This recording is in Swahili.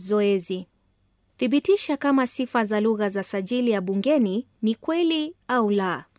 Zoezi: thibitisha kama sifa za lugha za sajili ya Bungeni ni kweli au la.